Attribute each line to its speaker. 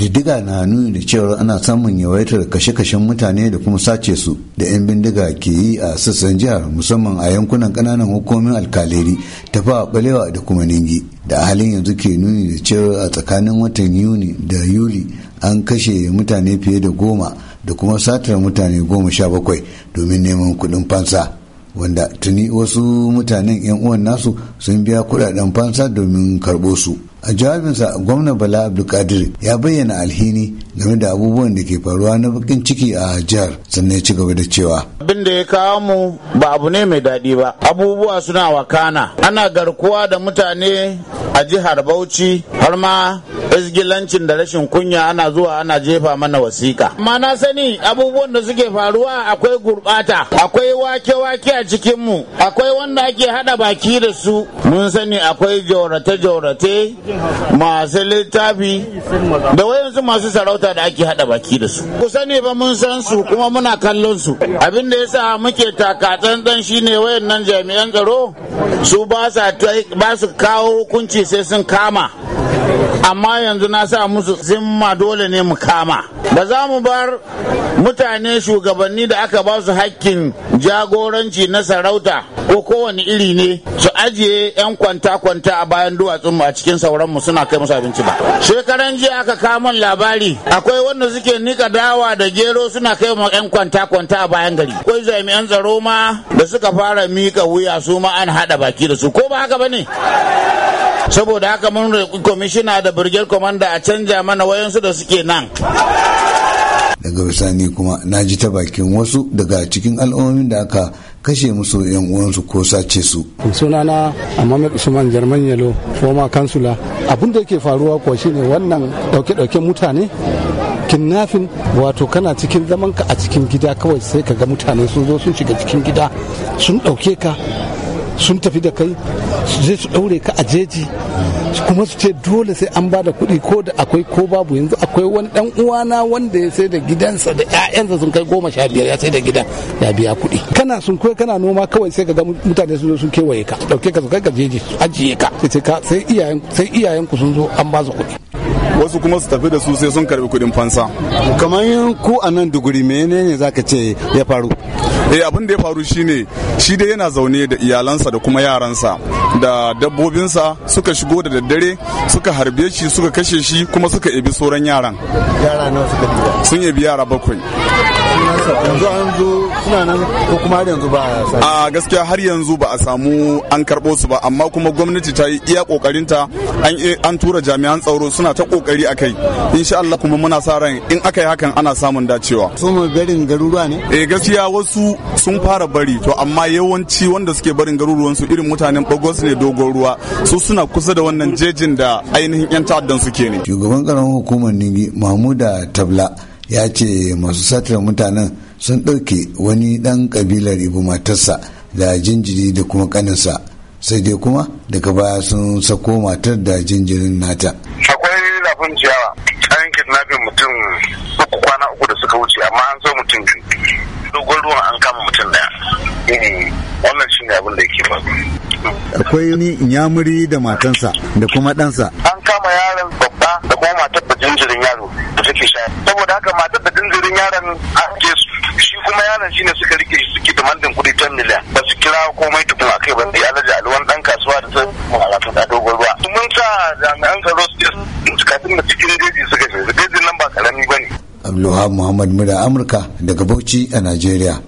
Speaker 1: ƙididdiga na nuni da cewar ana samun yawaitar kashe-kashen mutane da kuma sace su da 'yan bindiga ke yi a sassan jihar musamman a yankunan kananan hukumomin alkaleri fa balewa da kuma ningi da halin yanzu ke nuni da cewa a tsakanin watan yuni da yuli an kashe mutane fiye da goma da kuma satar mutane goma sha bakwai domin neman kuɗin fansa wanda tuni wasu mutanen 'yan uwan nasu sun biya kuɗaɗen fansa domin karɓo su a jawabinsa gwamna bala abdulkadir ya bayyana alhini game da abubuwan da ke faruwa na bakin ciki a jihar sannan ya ci gaba da cewa
Speaker 2: abin da ya kawo mu ba abu ne mai daɗi ba abubuwa suna wakana ana garkuwa da mutane a jihar bauchi har ma izgilancin da rashin kunya ana zuwa ana jefa mana wasiƙa amma na sani abubuwan da suke faruwa akwai gurɓata akwai wake-wake a cikinmu akwai wanda ake haɗa baki da su mun sani akwai jaurate-jaurate masu littafi da wayansu masu sarauta da ake hada baki da su kusa ne ba mun san su kuma muna kallon su abin da yasa muke dan shine wayannan jami'an tsaro su ba su kawo hukunci sai sun kama amma yanzu na sa musu zimma dole ne mu kama ba za mu bar mutane shugabanni da aka ba su hakkin jagoranci na sarauta ko kowane iri ne su ajiye 'yan kwanta-kwanta a bayan duwatsun mu a cikin sauranmu suna kai musu abinci ba shekaran jiya aka kamun labari akwai wanda suke nika dawa da gero suna kai ma 'yan kwanta-kwanta a bayan gari akwai jami'an tsaro ma da suka fara mika wuya su ma an haɗa baki da su ko ba haka ba ne saboda haka mun roƙi kwamishina da birger kwamanda a canja mana wayansu da suke nan
Speaker 1: daga bisani kuma na ji ta bakin wasu daga cikin al'ummomin da aka kashe musu yan uwansu ko sace su
Speaker 3: sunana Ahmad Usman Jarman Yalo former kansula abin da yake faruwa kuwa shine wannan dauke-dauke mutane kinnafin wato kana cikin zaman ka a cikin gida kawai sai ka ga mutane sun zo sun shiga cikin gida sun dauke ka sun tafi da kai je su ɗaure ka a jeji kuma su ce dole sai an bada kuɗi ko da akwai ko babu yanzu akwai wani dan uwana wanda ya sai da gidansa da ƴaƴansa sun kai goma sha biyar ya sai da gidan ya biya kuɗi kana sun kai kana noma kawai sai ka ga mutane sun zo sun kewaye ka ɗauke ka su kai ka jeji su ajiye ka sai iyayen sai iyayen ku sun zo an ba su kuɗi
Speaker 4: wasu kuma su tafi da su sai sun karbi kuɗin fansa kamar ku a nan duguri menene zaka ce ya faru eh abin da ya faru shine shi dai yana zaune da iyalansa da kuma yaransa da dabbobinsa suka shigo da daddare suka harbe shi suka kashe shi kuma suka ebi sauran yaran yara nawa suka sun ebi yara bakwai yanzu an zo suna nan ko kuma har yanzu ba a a gaskiya har yanzu ba a samu an karbo su ba amma kuma gwamnati ta yi iya kokarinta an tura jami'an tsaro suna ta kokari akai insha Allah kuma muna sa ran in aka yi hakan ana samun dacewa su mu barin garuruwa ne eh gaskiya wasu sun fara bari to amma yawanci wanda suke barin garuruwan su irin mutanen bagos ne dogon ruwa su suna kusa da wannan jejin da ainihin yan ta'addan suke ne
Speaker 1: shugaban karamin hukumar ningi mahmuda tabla ya ce masu satar mutanen sun ɗauke wani ɗan ƙabilar ibu matarsa da jinjiri da kuma ƙaninsa sai dai kuma daga baya sun sako matar da jinjirin nata akwai lafin ciyawa
Speaker 2: an kidnapping mutum uku kwana uku da suka wuce amma an zo mutum dogon ruwan an
Speaker 1: kama mutum daya hmm, wannan shi ne abin da yake faru akwai ni, nyamuri da matansa da kuma ɗansa an kama yaron babba da kuma matar da jinjirin yaro take sha saboda haka matar da dindirin yaron a ke shi kuma yaron shine suka rike shi suke demandin kudi ta miliyan ba su kira komai tukun akai ba sai alhaji alwan dan kasuwa da ta
Speaker 2: wato da dogon ruwa mun sa jami'an tsaro su kafin da cikin jeji suka je jeji nan ba karami bane
Speaker 1: Abdulwahab Muhammad Mura Amurka daga Bauchi a Najeriya.